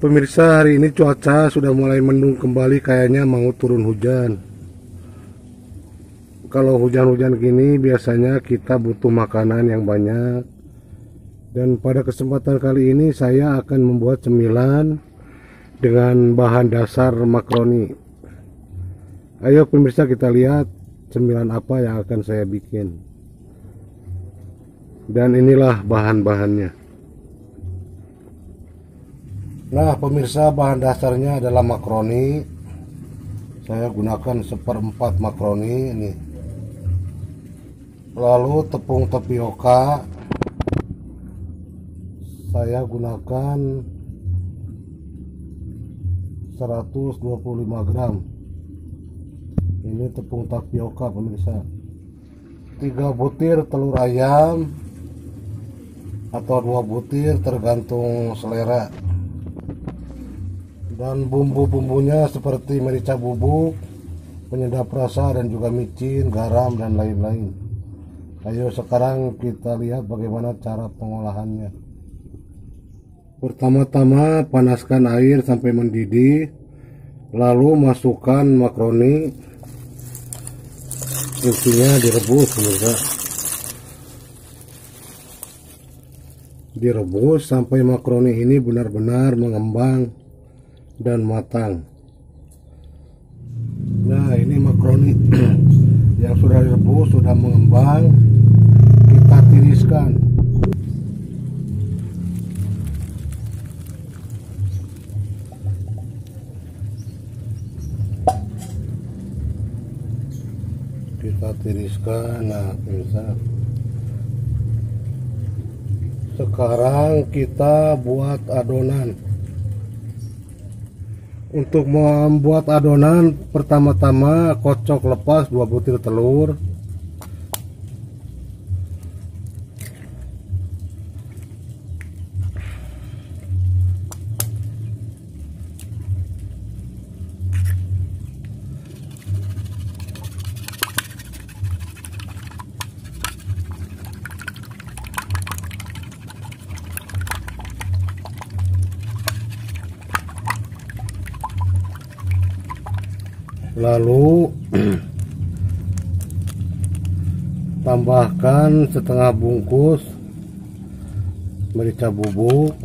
Pemirsa hari ini cuaca sudah mulai mendung kembali kayaknya mau turun hujan Kalau hujan-hujan gini biasanya kita butuh makanan yang banyak Dan pada kesempatan kali ini saya akan membuat cemilan Dengan bahan dasar makroni Ayo pemirsa kita lihat cemilan apa yang akan saya bikin Dan inilah bahan-bahannya Nah pemirsa bahan dasarnya adalah makroni Saya gunakan seperempat makroni ini Lalu tepung tapioka Saya gunakan 125 gram Ini tepung tapioka pemirsa 3 butir telur ayam Atau 2 butir tergantung selera dan bumbu-bumbunya seperti merica bubuk penyedap rasa dan juga micin garam dan lain-lain ayo sekarang kita lihat bagaimana cara pengolahannya pertama-tama panaskan air sampai mendidih lalu masukkan makroni. isinya direbus pemirsa direbus sampai makroni ini benar-benar mengembang dan matang nah ya, ini makroni yang sudah rebus sudah mengembang kita tiriskan kita tiriskan nah bisa. sekarang kita buat adonan untuk membuat adonan pertama-tama kocok lepas dua butir telur lalu tambahkan setengah bungkus merica bubuk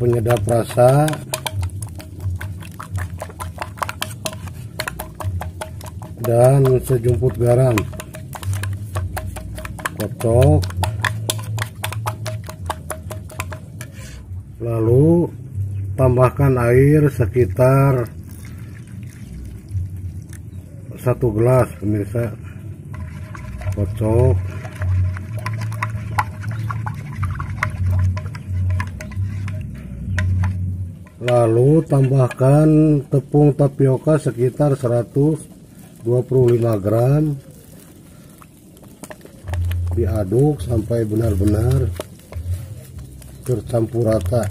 penyedap rasa dan sejumput garam kocok lalu tambahkan air sekitar satu gelas pemirsa kocok lalu tambahkan tepung tapioka sekitar 125 gram diaduk sampai benar-benar tercampur rata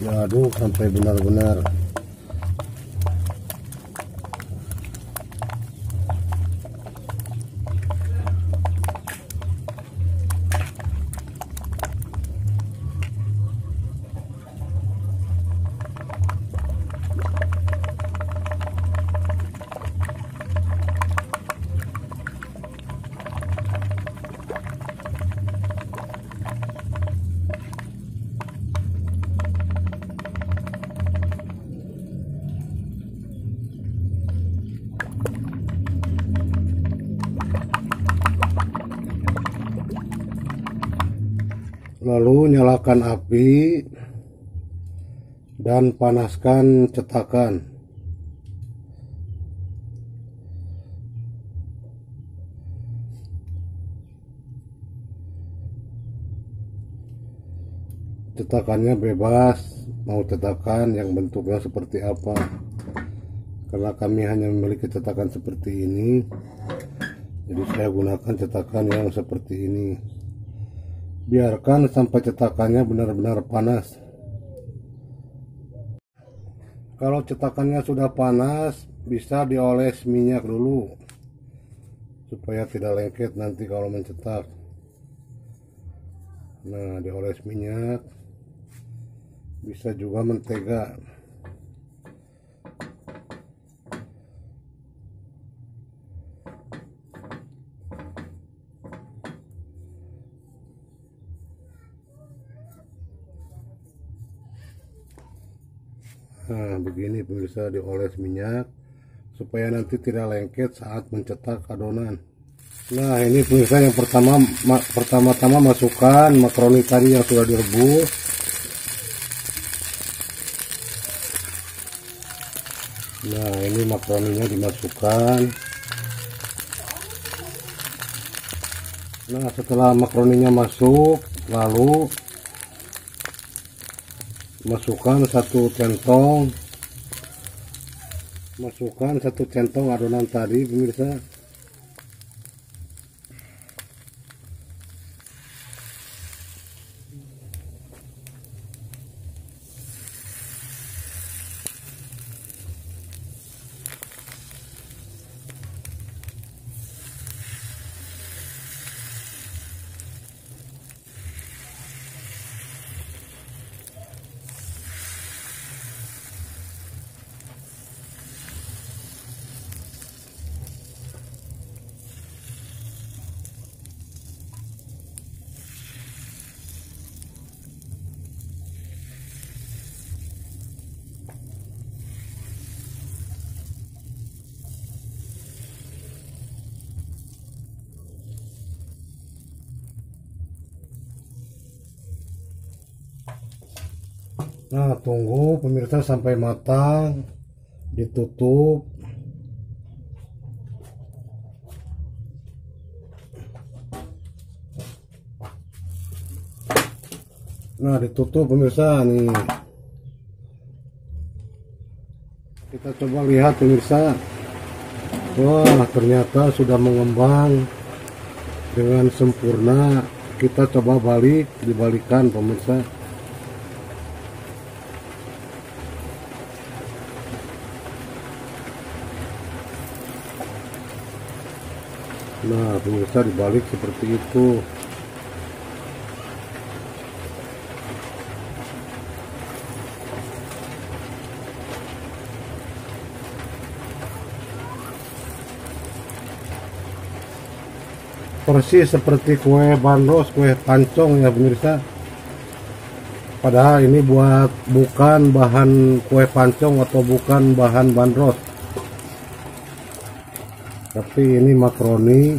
diaduk ya, sampai benar-benar lalu nyalakan api dan panaskan cetakan cetakannya bebas mau cetakan yang bentuknya seperti apa karena kami hanya memiliki cetakan seperti ini jadi saya gunakan cetakan yang seperti ini biarkan sampai cetakannya benar-benar panas kalau cetakannya sudah panas bisa dioles minyak dulu supaya tidak lengket nanti kalau mencetak nah dioles minyak bisa juga mentega begini pemirsa dioles minyak supaya nanti tidak lengket saat mencetak adonan nah ini pemirsa yang pertama ma pertama-tama masukkan makaroni tadi yang sudah direbus nah ini makaroninya dimasukkan nah setelah makaroninya masuk lalu masukkan satu centong masukkan satu centong adonan tadi pemirsa Nah, tunggu pemirsa sampai matang, ditutup. Nah, ditutup pemirsa nih. Kita coba lihat pemirsa. Wah, ternyata sudah mengembang dengan sempurna. Kita coba balik, dibalikan pemirsa. nah pemirsa dibalik seperti itu persis seperti kue bandros, kue pancong ya pemirsa. Padahal ini buat bukan bahan kue pancong atau bukan bahan bandros tapi ini makaroni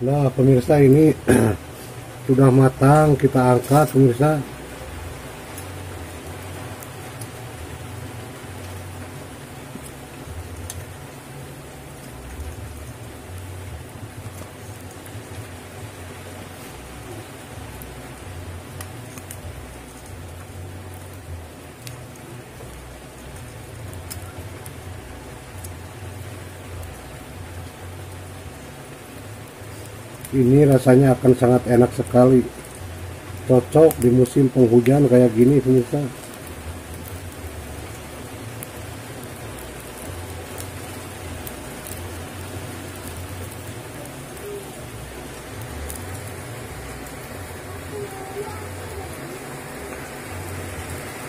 Nah pemirsa ini sudah matang kita angkat pemirsa ini rasanya akan sangat enak sekali cocok di musim penghujan kayak gini pemirsa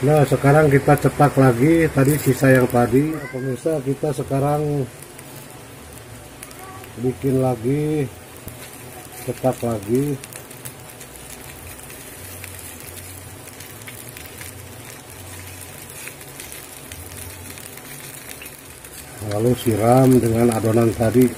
Nah sekarang kita cetak lagi tadi sisa yang tadi pemirsa kita sekarang bikin lagi cetak lagi lalu siram dengan adonan tadi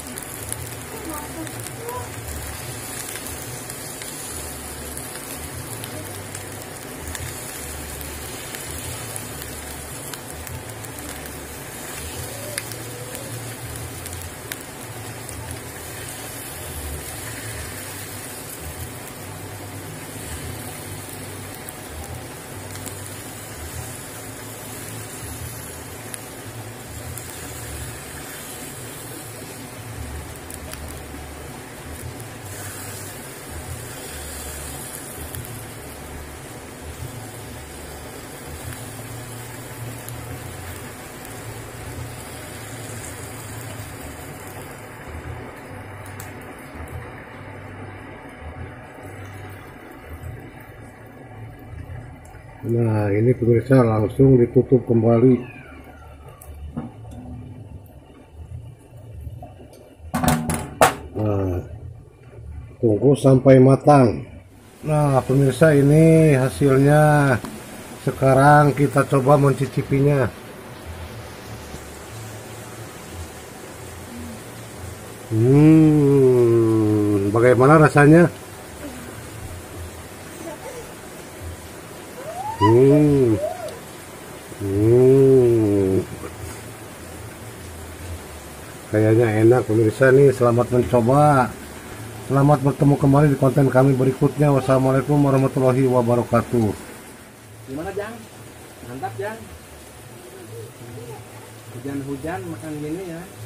nah ini pemirsa langsung ditutup kembali nah tunggu sampai matang nah pemirsa ini hasilnya sekarang kita coba mencicipinya hmm bagaimana rasanya Hmm. Kayaknya enak pemirsa nih. Selamat mencoba. Selamat bertemu kembali di konten kami berikutnya. Wassalamualaikum warahmatullahi wabarakatuh. Gimana Jang? Mantap Jang. Hujan-hujan makan gini ya.